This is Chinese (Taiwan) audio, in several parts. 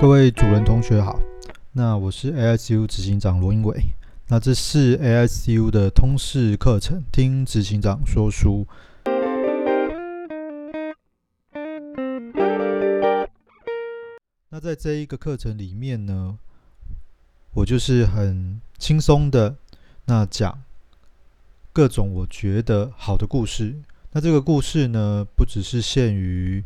各位主人同學好，那我是 AICU 執行長羅英偉，那這是 AICU 的通識課程，聽執行長說書。嗯、那在這一個課程裡面呢，我就是很輕鬆的那講各種我覺得好的故事。那這個故事呢，不只是限於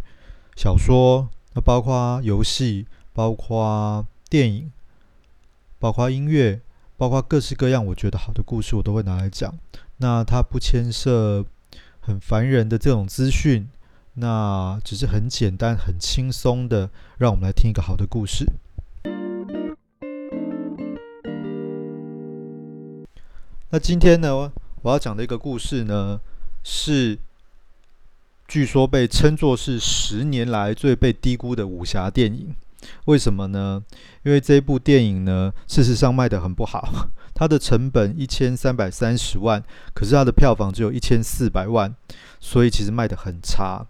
小說，那包括遊戲。包括電影，包括音樂，包括各式各樣我覺得好的故事，我都會拿來講。那它不牽涉很煩人的這種資訊，那只是很簡單、很輕鬆的，讓我們來聽一個好的故事。那今天呢，我要講的一個故事呢，是據說被稱作是十年來最被低估的武俠電影。為什麼呢？因為這部電影呢，事實上賣得很不好。它的成本一千三百三十萬，可是它的票房只有一千四百萬，所以其實賣得很差。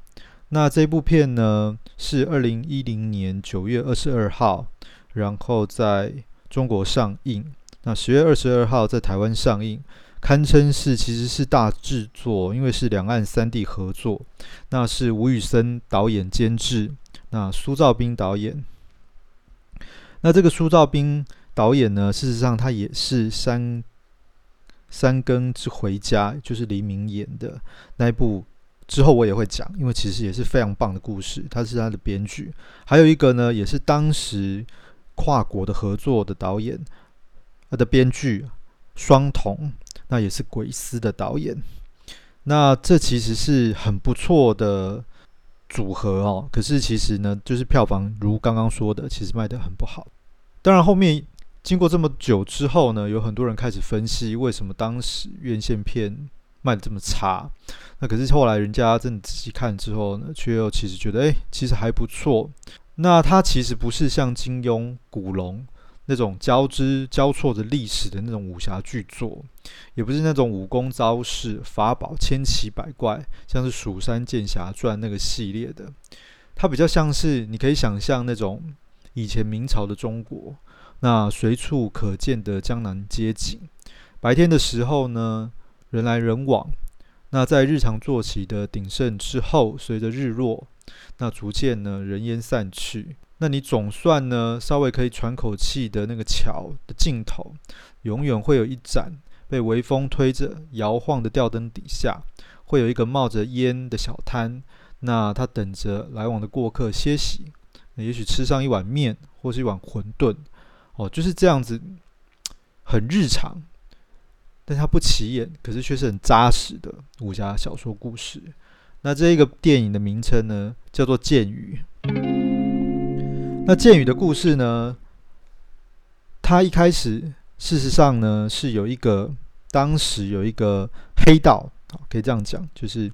那這部片呢，是二零一零年九月二十二號，然後在中國上映。那十月二十二號在台灣上映，堪稱是其實是大製作，因為是兩岸三地合作。那是吳宇森導演監製，那蘇照彬導演。那這個蘇照彬導演呢，事實上他也是三《三三更之回家》，就是黎明演的那一部，之後我也會講，因為其實也是非常棒的故事。他是他的編劇，還有一個呢，也是當時跨國的合作的導演，他、呃、的編劇雙瞳，那也是鬼司的導演。那這其實是很不錯的。組合哦，可是其實呢，就是票房如剛剛說的，其實賣得很不好。當然，後面經過這麼久之後呢，有很多人開始分析為什麼當時院線片賣得這麼差。那可是後來人家真的仔細看之後呢，卻又其實覺得，誒，其實還不錯。那它其實不是像金庸、古龍。這種交織交錯的歷史的那種武俠鉅作，也不是那種武功招式法寶千奇百怪，像是《蜀山劍俠傳》那個系列的，它比較像是你可以想象那種以前明朝的中國，那隨處可見的江南街景，白天的時候呢，人來人往，那在日常作息的鼎盛之後，隨着日落，那逐漸呢，人煙散去。那你總算呢，稍微可以喘口氣的那個橋的盡頭，永遠會有一盞被微風推着搖晃的吊燈底下，會有一個冒着煙的小攤，那他等着來往的過客歇息，也許吃上一碗麵或是一碗餛飩，哦，就是這樣子，很日常，但它不起眼，可是卻是很扎實的武俠小說故事。那這一個電影的名稱呢，叫做《劍雨》。那劍雨的故事呢？他一開始，事實上呢，是有一個當時有一個黑道啊，可以這樣講，就是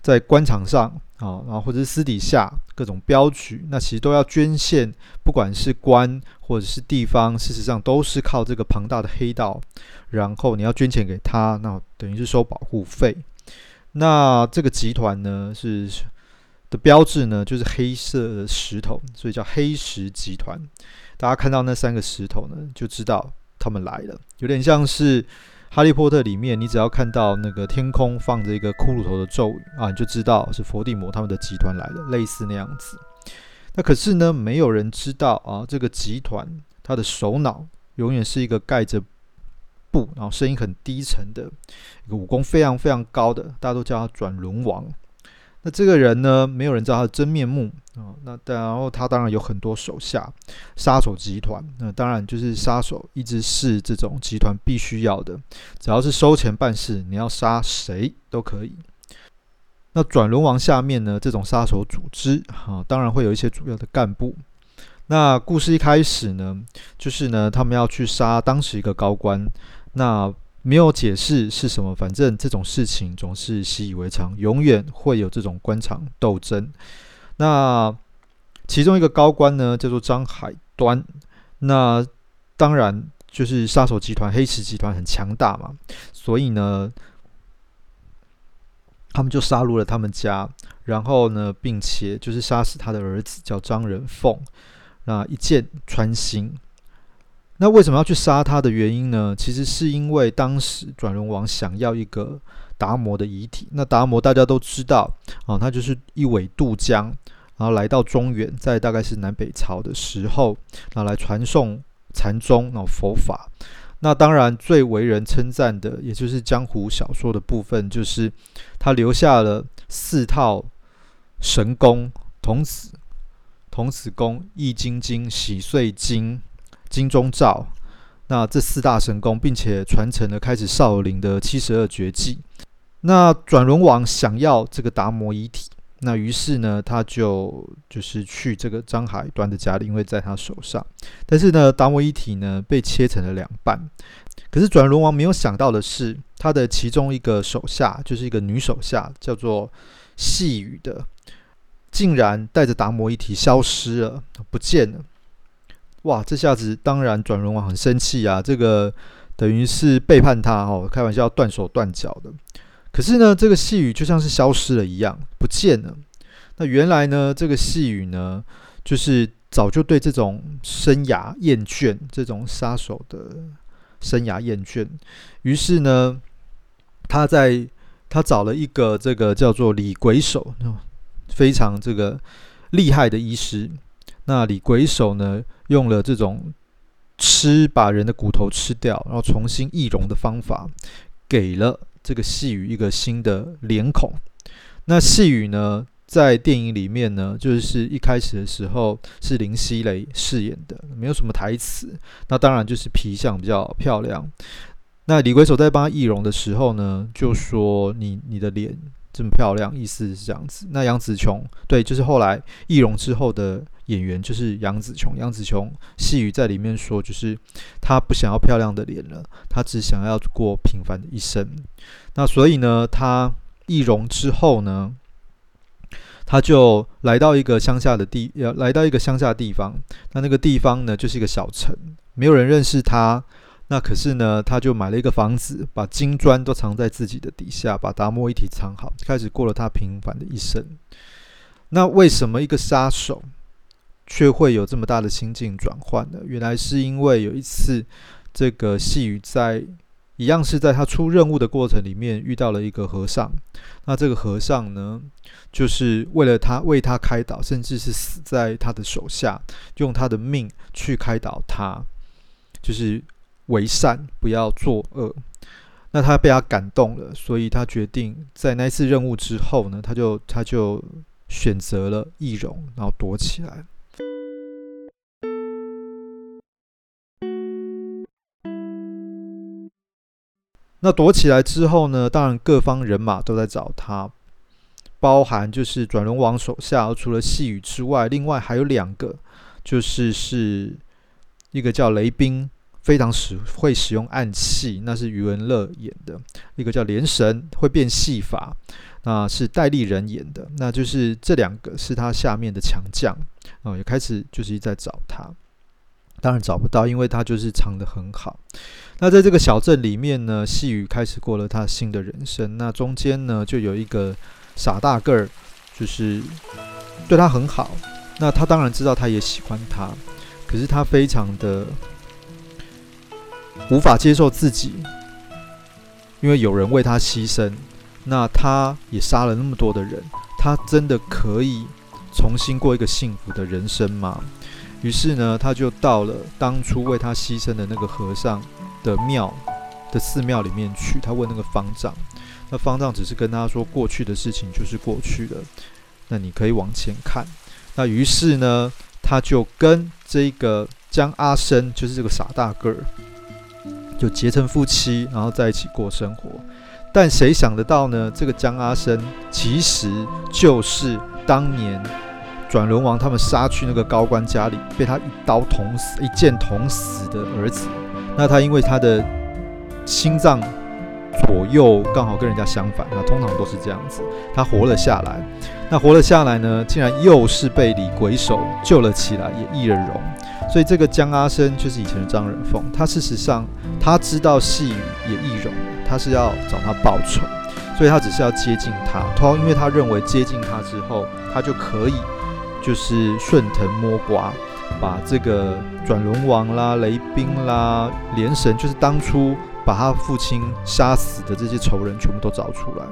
在官場上啊，然後或者是私底下各種鏢局，那其實都要捐獻，不管是官或者是地方，事實上都是靠這個龐大的黑道，然後你要捐錢給他，那等於是收保護費。那這個集團呢是。的標誌呢，就是黑色的石頭，所以叫黑石集團。大家看到那三個石頭呢，就知道他們來了，有點像是《哈利波特》裡面，你只要看到那個天空放着一個骷髏頭的咒語啊，你就知道是伏地魔他們的集團來了，類似那樣子。那可是呢，沒有人知道啊，這個集團它的首腦永遠是一個蓋着布，然後聲音很低沉的，一個武功非常非常高的，大家都叫他轉輪王。那這個人呢，沒有人知道他的真面目啊、哦。那然後他當然有很多手下殺手集團。那當然就是殺手，一直是這種集團必須要的。只要是收錢辦事，你要殺誰都可以。那轉輪王下面呢，這種殺手組織，哈、哦，當然會有一些主要的幹部。那故事一開始呢，就是呢，他們要去殺當時一個高官。那沒有解釋是什麼，反正這種事情總是習以為常，永遠會有這種官場鬥爭。那其中一個高官呢，叫做張海端。那當然就是殺手集團黑石集團很強大嘛，所以呢，他們就殺入了他們家，然後呢，並且就是殺死他的兒子，叫張人鳳，那一箭穿心。那為什麼要去殺他的原因呢？其實是因為當時轉輪王想要一個達摩的遺體。那達摩大家都知道啊、哦，他就是一葦渡江，然後來到中原，在大概是南北朝的時候，然後來傳頌禪宗然後、哦、佛法。那當然最為人稱讚的，也就是江湖小說的部分，就是他留下了四套神功：童子童子功、易筋經、洗髓經。金鐘罩，那這四大神功，並且傳承了開始少林的七十二絕技。那轉輪王想要這個達摩遺體，那於是呢，他就就是去這個張海端的家裡，因為在他手上。但是呢，達摩遺體呢被切成了兩半。可是轉輪王沒有想到的是，他的其中一個手下，就是一個女手下，叫做細雨的，竟然帶着達摩遺體消失了，不見了。哇！這下子當然轉輪王很生氣啊！這個等於是背叛他哦。開玩笑，斷手斷腳的。可是呢，這個細雨就像是消失了一樣，不見了。那原來呢，這個細雨呢，就是早就對這種生涯厭倦，這種殺手的生涯厭倦。於是呢，他在他找了一個這個叫做李鬼手，非常這個厲害的醫師。那李鬼手呢？用了這種吃把人的骨頭吃掉，然後重新易容的方法，給了這個細雨一個新的臉孔。那細雨呢，在電影裡面呢，就是一開始的時候是林熙蕾飾演的，沒有什麼台詞。那當然就是皮相比較漂亮。那李鬼手在幫易容的時候呢，就說你，你的臉這麼漂亮，意思是這樣子。那楊紫瓊，對，就是後來易容之後的。演員就是楊紫瓊。楊紫瓊細雨在裡面說：“就是她不想要漂亮的臉了，她只想要過平凡的一生。那所以呢，她易容之後呢，她就來到一個鄉下的地，來到一個鄉下的地方。那那個地方呢，就是一個小城，沒有人認識她。那可是呢，她就買了一個房子，把金磚都藏在自己的底下，把達摩遺體藏好，開始過了她平凡的一生。那為什麼一個殺手？”卻會有這麼大的心境轉換的，原來是因為有一次，這個細雨在一樣是在他出任務的過程裡面遇到了一個和尚。那這個和尚呢，就是為了他為他開導，甚至是死在他的手下，用他的命去開導他，就是為善不要作惡。那他被他感動了，所以他決定在那一次任務之後呢，他就他就選擇了易容，然後躲起來。那躲起來之後呢？當然，各方人馬都在找他，包含就是轉輪王手下，除了細雨之外，另外還有兩個，就是是一個叫雷兵，非常使會使用暗器，那是余文樂演的。一個叫連神，會變戲法，那、呃、是戴立忍演的。那就是這兩個是他下面的強將啊，也、呃、開始就是在找他，當然找不到，因為他就是藏得很好。那在這個小鎮裡面呢，細雨開始過了他新的人生。那中間呢，就有一個傻大個兒，就是對他很好。那他當然知道他也喜歡他，可是他非常的無法接受自己，因為有人為他犧牲，那他也殺了那麼多的人，他真的可以重新過一個幸福的人生嗎？於是呢，他就到了當初為他犧牲的那個和尚的廟的寺廟裡面去，他問那個方丈，那方丈只是跟他說，過去的事情就是過去了，那你可以往前看。那於是呢，他就跟這個江阿生，就是這個傻大個兒，就結成夫妻，然後在一起過生活。但誰想得到呢？這個江阿生其實就是當年轉輪王他們殺去那個高官家裡，被他一刀捅死，一劍捅死的兒子。那他因為他的心臟左右剛好跟人家相反，那通常都是這樣子。他活了下來，那活了下來呢，竟然又是被李鬼手救了起來，也易了容。所以這個江阿生就是以前的張人鳳。他事實上，他知道細雨也易容，他是要找他報仇，所以他只是要接近他。通常因為他認為接近他之後，他就可以就是順藤摸瓜。把這個轉輪王啦、雷兵啦、連神，就是當初把他父親殺死的這些仇人，全部都找出來，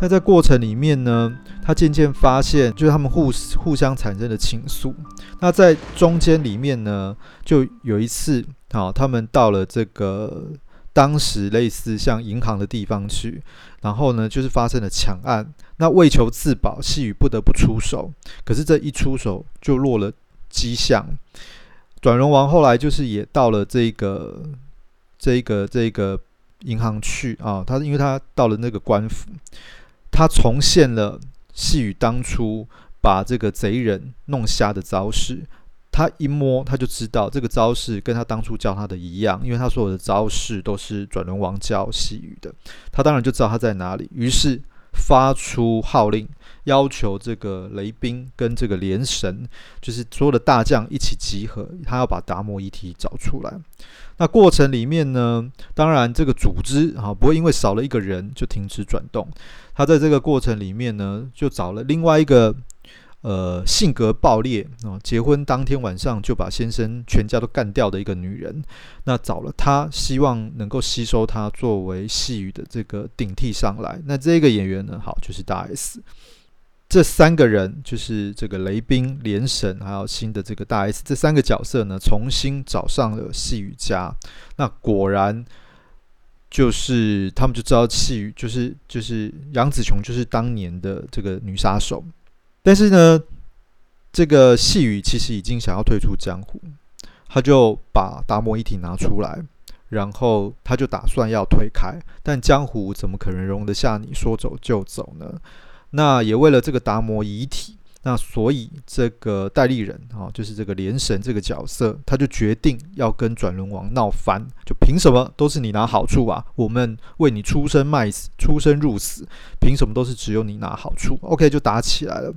那在過程裡面呢，他漸漸發現，就是他們互互相產生了情愫。那在中間裡面呢，就有一次啊、哦，他們到了這個當時類似像銀行的地方去，然後呢，就是發生了搶案。那為求自保，細雨不得不出手，可是這一出手就落了跡象。轉輪王後來就是也到了這個這個這個銀行去啊，他是因為他到了那個官府，他重現了細雨當初把這個賊人弄瞎的招式，他一摸他就知道這個招式跟他當初教他的一樣，因為他所有的招式都是轉輪王教細雨的，他當然就知道他在哪裡，於是，發出號令，要求這個雷兵跟這個連神，就是所有的大將一起集合，他要把達摩遺體找出來。那過程裡面呢，當然這個組織啊不會因為少了一個人就停止轉動。他在這個過程裡面呢，就找了另外一個。呃，性格暴烈啊，哦，結婚當天晚上就把先生全家都幹掉的一個女人，那找了她，希望能夠吸收她作為細雨的這個頂替上來。那這個演員呢，好就是大 S。這三個人就是這個雷斌、連神，還有新的這個大 S，這三個角色呢，重新找上了細雨家。那果然就是他們就知道細雨，就是就是楊紫瓊，就是當年的這個女殺手。但是呢，這個細雨其實已經想要退出江湖，他就把達摩遺體拿出來，然後他就打算要推開，但江湖怎麼可能容得下你說走就走呢？那也為了這個達摩遺體。那所以這個戴立忍啊，就是這個連神這個角色，他就決定要跟轉輪王鬧翻，就憑什麼都是你拿好處啊？我們為你出生賣死、出生入死，憑什麼都是只有你拿好處？OK，就打起來了。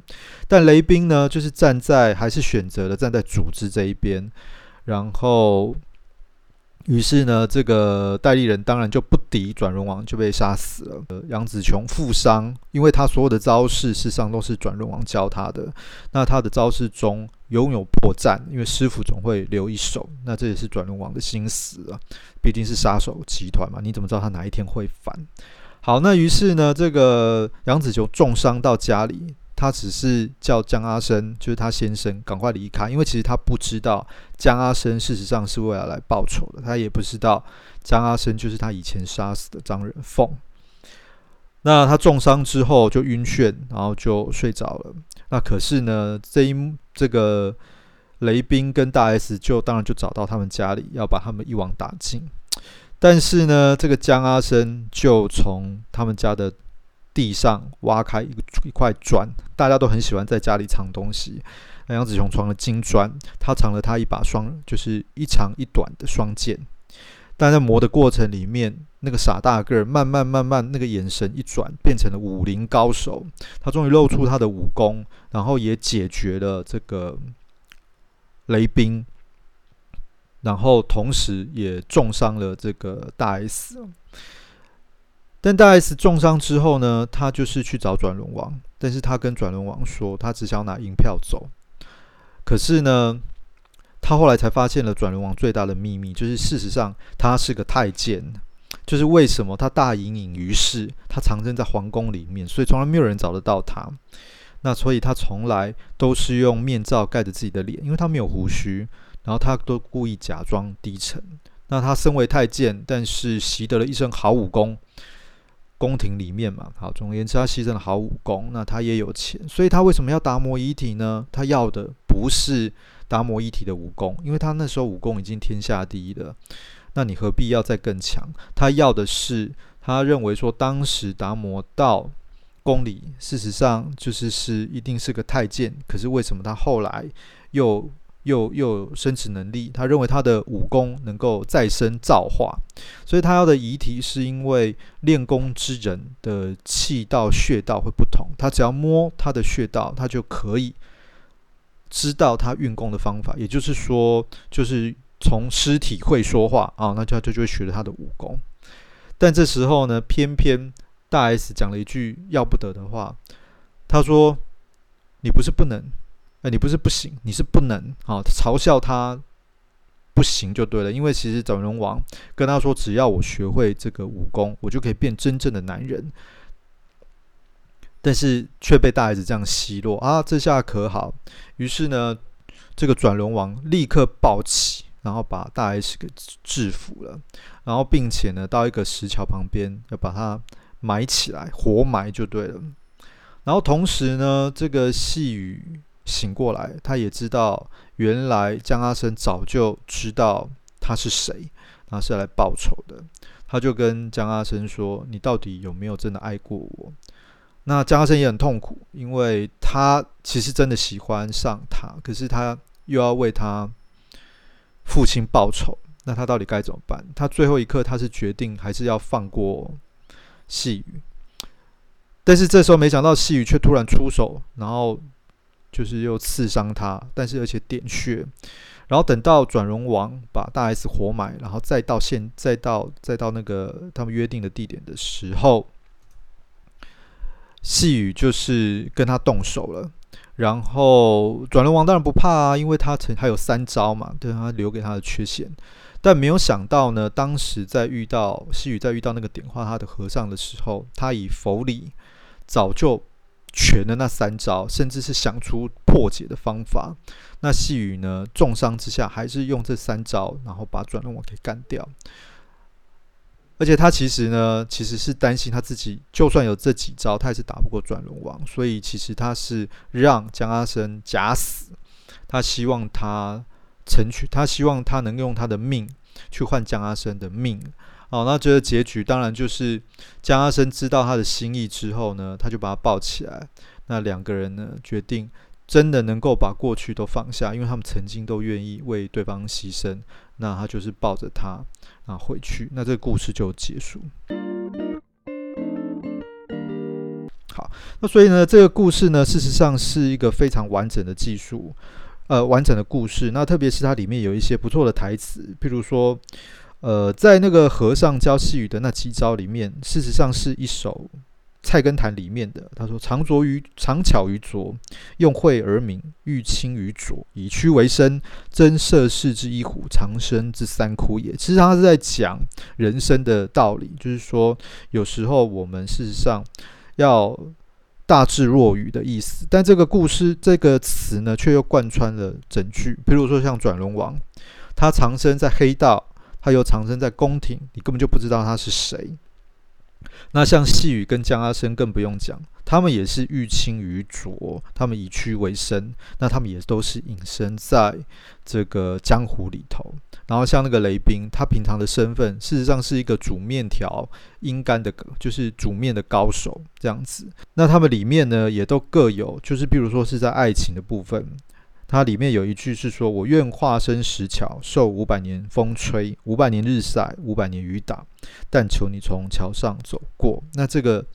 但雷兵呢，就是站在還是選擇了站在組織這一邊，然後。於是呢，這個代理人當然就不敵轉輪王，就被殺死了。呃，楊子瓊負傷，因為他所有的招式事實上都是轉輪王教他的。那他的招式中擁有破綻，因為師父總會留一手。那這也是轉輪王的心思啊，畢竟是殺手集團嘛，你怎麼知道他哪一天會反？好，那於是呢，這個楊子瓊重傷到家裡。他只是叫江阿生，就是他先生，趕快離開，因為其實他不知道江阿生事實上是為了來報仇的，他也不知道江阿生就是他以前殺死的張人鳳。那他重傷之後就暈眩，然後就睡着了。那可是呢，這一這個雷彬跟大 S 就當然就找到他們家裡，要把他們一網打盡。但是呢，這個江阿生就從他們家的，地上挖開一個一塊磚，大家都很喜歡在家裡藏東西。那楊紫瓊藏了金磚，他藏了他一把雙，就是一長一短的雙劍。但在磨的過程裡面，那個傻大個兒慢慢慢慢，那個眼神一轉，變成了武林高手。他終於露出他的武功，然後也解決了這個雷兵，然後同時也重傷了這個大 S。但大 S 重傷之後呢，他就是去找轉輪王，但是他跟轉輪王說，他只想拿銀票走。可是呢，他後來才發現了轉輪王最大的秘密，就是事實上他是個太監。就是為什麼他大隱隱於市？他藏身在皇宮裡面，所以從來沒有人找得到他。那所以他從來都是用面罩蓋着自己的臉，因為他沒有胡鬚，然後他都故意假裝低沉。那他身為太監，但是習得了一身好武功。宮廷裡面嘛，好，總而言之，他犧牲了好武功，那他也有錢，所以他為什麼要達摩遺體呢？他要的不是達摩遺體的武功，因為他那時候武功已經天下第一了，那你何必要再更強？他要的是，他認為說當時達摩到宮裡，事實上就是是一定是個太監，可是為什麼他後來又？又又有生殖能力，他認為他的武功能夠再生造化，所以他要的遺體是因為練功之人的氣道穴道會不同，他只要摸他的穴道，他就可以知道他運功的方法，也就是說，就是從屍體會說話啊，那就他就就學了他的武功。但這時候呢，偏偏大 S 講了一句要不得的話，他說：“你不是不能。”哎、欸，你不是不行，你是不能啊！嘲笑他不行就對了，因為其實轉輪王跟他說，只要我學會這個武功，我就可以變真正的男人。但是卻被大 S 這樣奚落啊！這下可好，於是呢，這個轉輪王立刻暴起，然後把大 S 給制服了，然後並且呢，到一個石橋旁邊要把他埋起來，活埋就對了。然後同時呢，這個細雨。醒過來，他也知道，原來江阿生早就知道他是誰，他是來報仇的。他就跟江阿生說：“你到底有沒有真的愛過我？”那江阿生也很痛苦，因為他其實真的喜歡上他，可是他又要為他父親報仇，那他到底該怎麼辦？他最後一刻，他是決定還是要放過細雨，但是這時候沒想到，細雨却突然出手，然後。就是又刺傷他，但是而且點穴，然後等到轉輪王把大 S 活埋，然後再到現再到再到那個他們約定的地點的時候，細雨就是跟他動手了。然後轉輪王當然不怕啊，因為他曾還有三招嘛，對他留給他的缺陷。但沒有想到呢，當時在遇到細雨在遇到那個點化他的和尚的時候，他以佛理早就。全的那三招，甚至是想出破解的方法。那細雨呢？重傷之下，還是用這三招，然後把轉輪王給幹掉。而且他其實呢，其實是擔心他自己，就算有這幾招，他也是打不過轉輪王。所以其實他是讓江阿生假死，他希望他成全，他希望他能用他的命去換江阿生的命。好、哦，那這個結局當然就是江阿生知道他的心意之後呢，他就把他抱起來。那兩個人呢，決定真的能夠把過去都放下，因為他們曾經都願意為對方犧牲。那他就是抱着他啊回去。那這個故事就結束。好，那所以呢，這個故事呢，事實上是一個非常完整的技術，呃，完整的故事。那特別是它裡面有一些不錯的台詞，譬如說。呃，在那個和尚教細雨的那七招裡面，事實上是一首《菜根譚》裡面的。他說：“藏拙於藏巧於拙，用晦而明，寓清於濁，以屈為伸，真涉世之一壺，藏身之三窟也。”其實他是在講人生的道理，就是說有時候我們事實上要大智若愚的意思。但這個故事這個詞呢，卻又貫穿了整句。比如說像轉輪王，他藏身在黑道。他又藏身在宮廷，你根本就不知道他是誰。那像細雨跟江阿生更不用講，他們也是欲清於濁，他們以屈為伸，那他們也都是隱身在這個江湖裡頭。然後像那個雷彬，他平常的身份事實上是一個煮麵條、陰乾的，就是煮麵的高手，這樣子。那他們裡面呢，也都各有，就是比如說是在愛情的部分。它裡面有一句是說：“我願化身石橋，受五百年風吹，五百年日曬，五百年雨打，但求你從橋上走過。”那這個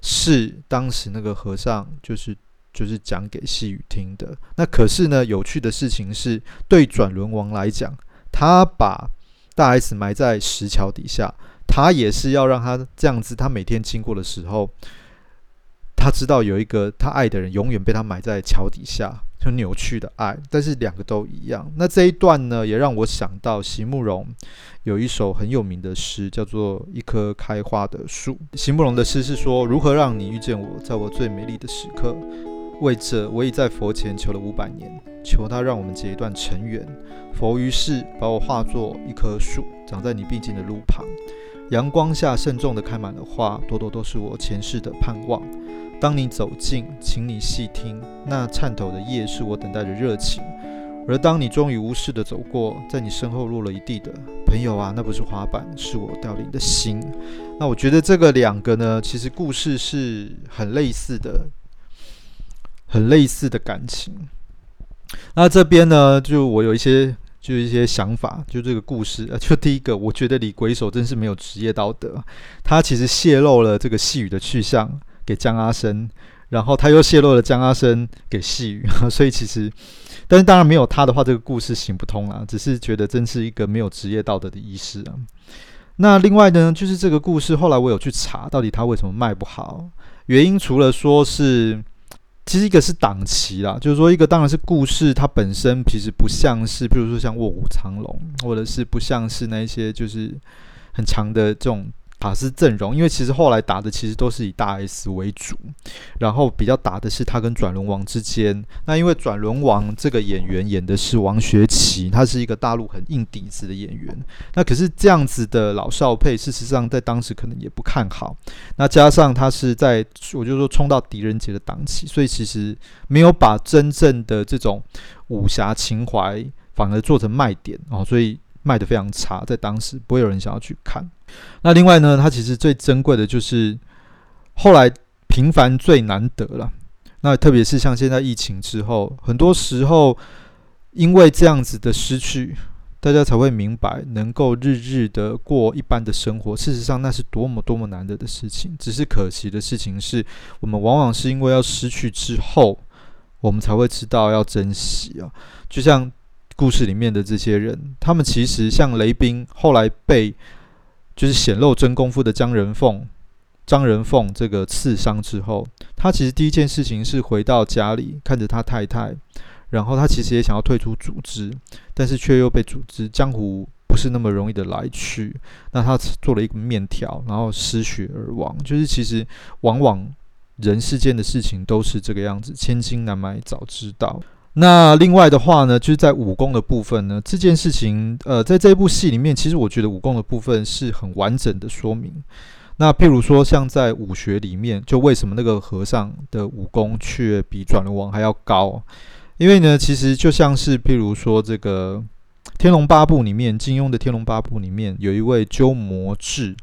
是當時那個和尚就是就是講給細雨聽的。那可是呢，有趣的事情是，對轉輪王來講，他把大 S 埋在石橋底下，他也是要讓他這樣子，他每天經過的時候，他知道有一個他愛的人永遠被他埋在橋底下。很扭曲的愛，但是兩個都一樣。那這一段呢，也讓我想到席慕蓉有一首很有名的詩，叫做《一棵開花的樹》。席慕蓉的詩是說：如何讓你遇見我，在我最美麗的時刻？為這，我已在佛前求了五百年，求他讓我們結一段塵緣。佛於是把我化作一棵樹，長在你必經的路旁。陽光下慎重的開滿了花，朵朵都是我前世的盼望。當你走近，請你細聽，那顫抖的葉，是我等待的熱情。而當你終於無視的走過，在你身後落了一地的，朋友啊，那不是花瓣，是我凋零的心。那我覺得這個兩個呢，其實故事是很類似的，很類似的感情。那這邊呢，就我有一些。就是一些想法，就這個故事，就第一個，我覺得李鬼手真是沒有職業道德，他其實洩露了這個細雨的去向給江阿生，然後他又洩露了江阿生給細雨，所以其實，但是當然沒有他的話，這個故事行不通啊。只是覺得真是一個沒有職業道德的醫師啊。那另外呢，就是這個故事後來我有去查，到底他為什麼賣不好？原因除了說，是。其實一個是檔期啦，就是說一個當然是故事，它本身其實不像是，比如說像《臥虎藏龍》，或者是不像是那一些就是很長的這種。卡司陣容，因為其實後來打的其實都是以大 S 為主，然後比較打的是他跟轉輪王之間。那因為轉輪王這個演員演的是王學圻，他是一個大陸很硬底子的演員。那可是這樣子的老少配，事實上在當時可能也不看好。那加上他是在，我就說衝到狄仁傑的檔期，所以其實沒有把真正的這種武俠情懷反而做成賣點哦。所以。賣得非常差，在當時不會有人想要去看。那另外呢，它其實最珍貴的就是後來平凡最難得了。那特別是像現在疫情之後，很多時候因為這樣子的失去，大家才會明白能夠日日的過一般的生活，事實上那是多麼多麼難得的事情。只是可惜的事情是我們往往是因為要失去之後，我們才會知道要珍惜啊。就像。故事裡面的這些人，他們其實像雷斌，後來被就是顯露真功夫的張仁鳳，張仁鳳這個刺傷之後，他其實第一件事情是回到家裡看着他太太，然後他其實也想要退出組織，但是卻又被組織江湖不是那麼容易的來去。那他做了一個麵條，然後失血而亡。就是其實往往人世間的事情都是這個樣子，千金難買早知道。那另外的話呢，就是在武功的部分呢，這件事情，呃，在這部戲裡面，其實我覺得武功的部分是很完整的說明。那譬如說，像在武學裡面，就為什麼那個和尚的武功卻比轉輪王還要高？因為呢，其實就像是譬如說這個《天龍八部》裡面，金庸的《天龍八部》裡面有一位鳩摩智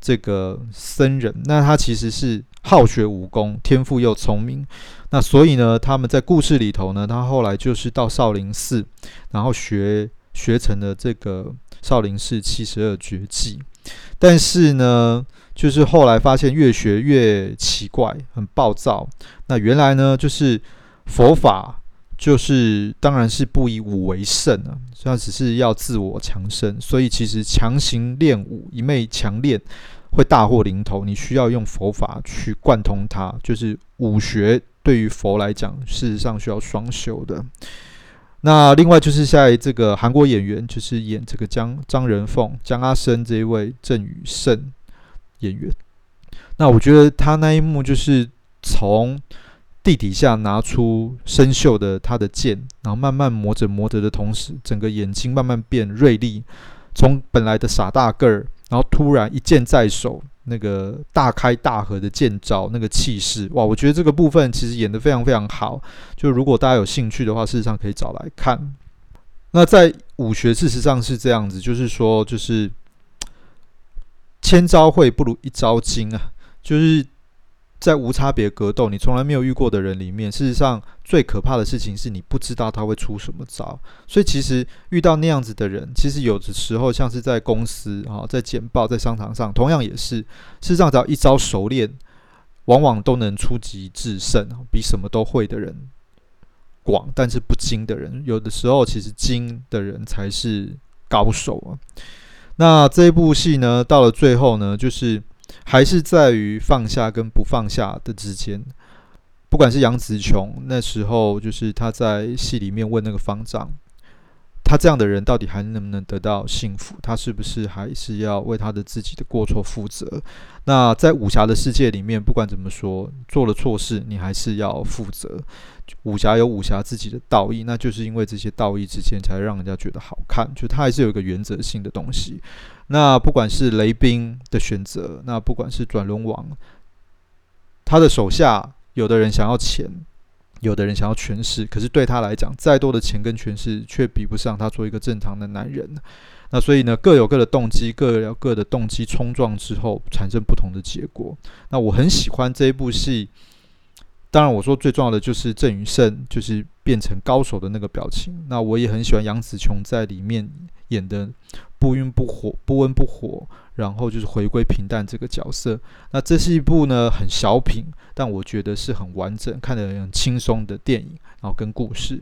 這個僧人，那他其實是。好學武功，天賦又聰明，那所以呢，他們在故事裡頭呢，他後來就是到少林寺，然後學學成了這個少林寺七十二絕技，但是呢，就是後來發現越學越奇怪，很暴躁。那原來呢，就是佛法就是當然是不以武為勝啊，那只是要自我強身，所以其實強行練武，一味強練。會大禍臨頭，你需要用佛法去貫通它。就是武學對於佛來講，事實上需要雙修的。那另外就是現在這個韓國演員，就是演這個江張人鳳、江阿生這一位鄭雨盛演員。那我覺得他那一幕就是從地底下拿出生鏽的他的劍，然後慢慢磨着磨着的同時，整個眼睛慢慢變銳利，從本來的傻大個兒。然後突然一劍在手，那個大開大合的劍招，那個氣勢，哇！我覺得這個部分其實演得非常非常好。就如果大家有興趣的話，事實上可以找來看。那在武學事實上是這樣子，就是說，就是千招會不如一招精啊，就是。在無差別格鬥，你從來沒有遇過的人裡面，事實上最可怕的事情是你不知道他會出什麼招。所以其實遇到那樣子的人，其實有的時候像是在公司啊、在簡報、在商場上，同樣也是，事實上只要一招熟練，往往都能出奇制勝，比什麼都會的人廣，但是不精的人，有的時候其實精的人才是高手啊。那這一部戲呢，到了最後呢，就是。還是在於放下跟不放下的之間，不管是楊紫瓊那時候，就是她在戲裡面問那個方丈，他這樣的人到底還能不能得到幸福？他是不是還是要為他的自己的過錯負責？那在武俠的世界裡面，不管怎麼說，做了錯事你還是要負責。武俠有武俠自己的道義，那就是因為這些道義之前才讓人家覺得好看，就他還是有一個原則性的東西。那不管是雷彬的選擇，那不管是轉輪王，他的手下有的人想要錢。有的人想要權勢，可是對他來講，再多的錢跟權勢卻比不上他做一個正常的男人。那所以呢，各有各的動機，各有各的動機衝撞之後，產生不同的結果。那我很喜歡這一部戲，當然我說最重要的就是鄭雨盛，就是變成高手的那個表情。那我也很喜歡楊紫瓊在裡面。演的不溫不火，不溫不火，然後就是回歸平淡這個角色。那這是一部呢，很小品，但我覺得是很完整、看得很輕鬆的電影。然後跟故事，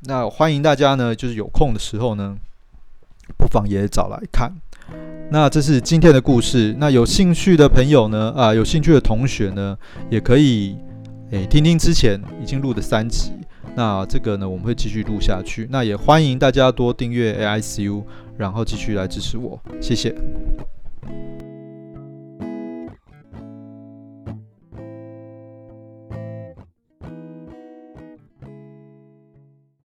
那歡迎大家呢，就是有空的時候呢，不妨也找來看。那這是今天的故事。那有興趣的朋友呢，啊，有興趣的同學呢，也可以誒，聽聽之前已經錄了三集。那這個呢，我們會繼續錄下去。那也歡迎大家多訂閱 AICU 然後繼續來支持我，謝謝。